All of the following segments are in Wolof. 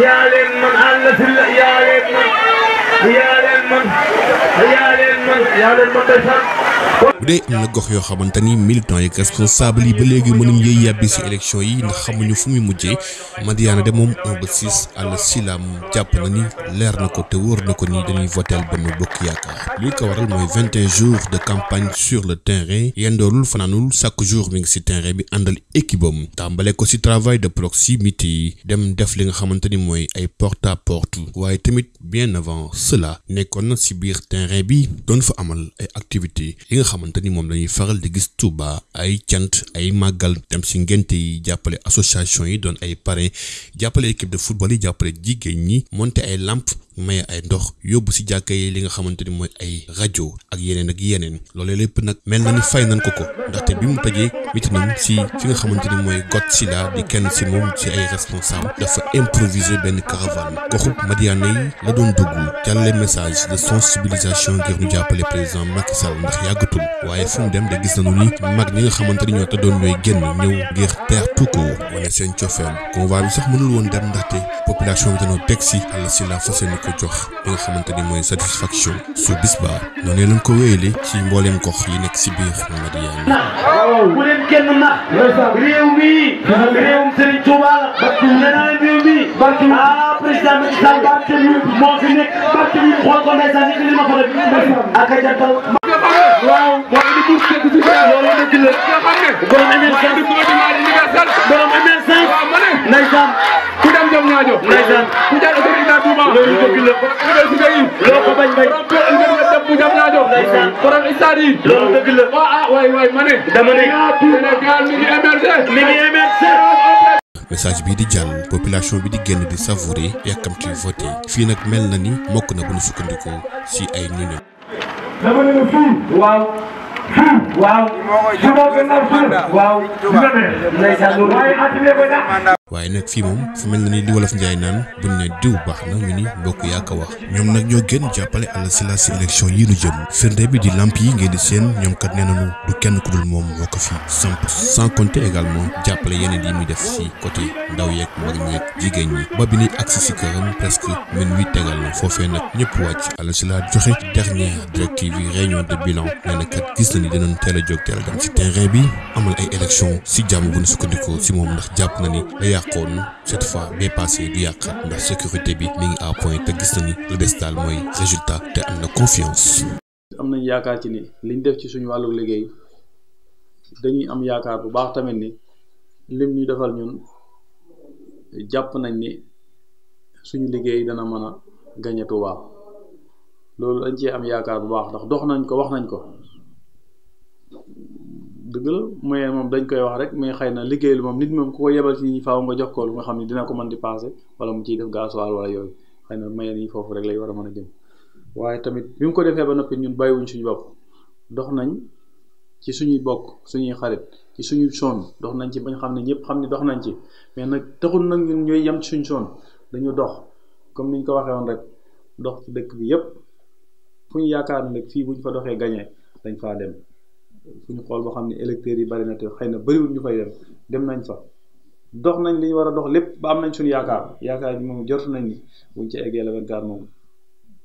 yaa leen man àll si la yaa leen man yaa leen man bu dee am na gox yoo xamante ni militant yi responsable yi ba léegi mënuñ yëy yàbbi si élection yi ndax xamuñu fu muy mujjee Madiana demoom moom 1 ba 6 àll silam jàpp na ni leer na ko te wóor na ko ni dañuy voteel benn bokk yaakaar li ko waral mooy 21 jours de campagne sur le terrain yendoolul fanaanul chaque jour mi ngi ci terrain bi àndal équipe am tàmbale ko si travail de proximité yi dem def li nga xamante ni mooy ay porte à porte waaye tamit bien avant cela nekkoon na si biir terrain bi. doon fa amal ay activité yi nga xamante ni moom lañuy faral di gis Touba ay cant ay màggal dem si ngénte yi jàppale association yi doon ay parrain jàppale équipe de football yi jàppale jigéen ñi monter ay làmp maye ay ndox yóbbu si jàkka yi li nga xamante ni mooy ay rajo ak yeneen ak yeneen loole lépp nag mel na ni fay nañ ko ko ndaxte bi mu tëjee mitinam si fi nga xamante ni mooy Godzilla di kenn si moom si ay responsable dafa improviser benn caravane goxub Madiane yi la doon dugg jàllale message de sensibilisation ngir ñu jàppale président Macky Sall ndax yàggatul waaye fu dem de gis na nañu ni mag ñi nga xamante ni ñoo te doon ñooy génn ñëw ngir teertu ko wane seen cofeel convoi bi sax mënul woon dem ndaxte population bi dañoo teg si àll si la fas yéene ko jox bi nga xamante ni mooy satisfaction su bis baa noonu lañ ko wéyale ci mbooleem gox yi nekk si biir Mamadiyaan. waaw bu leen kenn nax. réew mi. réewum Serigne Touba. barke nee naa leen réew mi. barke ah président Macky Sall barke bi moo fi nekk barke bi xool ko ndeysaan ni li ma ko def ak a jantal. waaw. waaw. Ah, message bii di jàll population bi di génn di savourer yàkkamti voté fii nag mel na ni mokk na bu ñu sukkandikoo ay ñoñam. waaye nag fii moom fu mel na ni li wolof njaay naan buñ ne diw baax na ñu ni mbokk yaa ko wax ñoom nag ñoo gën jàppale Alla Sylla si élection yi nu jëm firnde bi di lamp yi ngeen di seen ñoom kat nee nañu du kenn ku moom moo ko fi samp sans compter également jàppale yeneen yi mu def si côté ndaw yeeg mag ñeeg jigéen ñi ba bi ni agsi si këram presque min wi tegal na foofee nag ñëpp wàcc Alla Sylla joxe dernière directive yi réunion de bilan nee gis na ni dinañ teel a jóg teel a bi amal ay élection si jàmm bu si moom jàpp na ndax kon cette fois bee passé du yàqaat ndax sécurité bi mi ngi à te gis na ni lu des daal mooy résultat te am na confiance. am nañ yaakaar ci ni liñ def ci suñu wàllu liggéey dañuy am yaakaar bu baax tamit ni lim ñu defal ñun jàpp nañ ni suñu liggéey dana mën a gañe Tuubaa loolu dañ cee am yaakaar bu baax ndax dox nañ ko wax nañ ko dëgg la moyen moom dañ koy wax rek mais xëy na liggéey lu moom nit moom ku ko yebal ci faaw nga jox ko lu nga xam ne dina ko mën di passé wala mu ciy def gasoil wala yooyu xëy na moyen yi foofu rek lay war a man a jëm waaye tamit bi mu ko defee ba noppi ñun bàyyiwuñ suñu bopp dox nañ ci suñuy bokk suñuy xarit ci suñu sonn dox nañ ci bañ xam ne ñëpp xam ne dox nañ ci mais nag taxul nag ñun ñooy yem suñu sonn dañu dox comme niñ ko waxee woon rek dox dëkk bi yépp fu yaakaar ne fii buñ fa doxee gañee dañ faa dem fu ñu xool boo xam ne électeurs yi bari na te xëy na bëriwul ñu fay dem dem nañ fa dox nañ li ñu war a dox lépp ba am nañ suñu yaakaar yaakaar bi moom jot nañ ni buñ ci eggee la vingt-quatre moom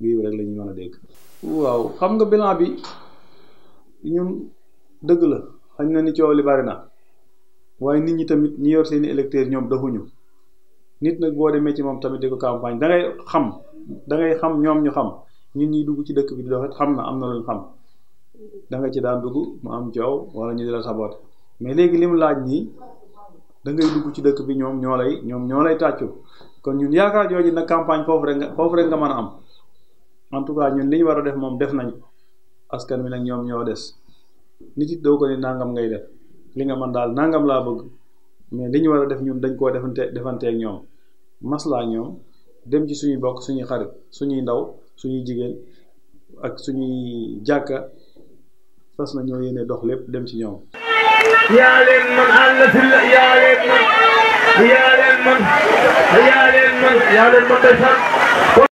rek la mën a dégg waaw xam nga bilan bi ñun dëgg la xañ na ni coow li bari na waaye nit ñi tamit ñi yor seeni électeurs ñoom doxuñu nit nag boo demee ci moom tamit di ko campagne da xam da ngay xam ñoom ñu xam ñun ñuy dugg ci dëkk bi di xam na am na luñ xam da nga ci daan dugg mu am joow wala ñu di la saboté mais léegi li mu laaj nii da ngay dugg ci dëkk bi ñoom ñoo lay ñoom ñoo lay tàccu kon ñun yaakaar jooju nag campagne foofu rek nga foofu rek nga a am en tout cas ñun li ñu war a def moom def nañ askan wi nag ñoom ñoo des nit it doo ko ni nangam ngay def li nga mën daal nangam laa bëgg mais li ñu war a def ñun dañ koo defante defanteeg ñoom maslaa ñoom dem ci suñuy bokk suñuy xarit suñuy ndaw suñuy jigéen ak suñuy jàkka fas na ñoo yéene dox lépp dem ci ñoom yaa leen man àll si la yaa leen man yaa leen man yaa leen man yaa leen man day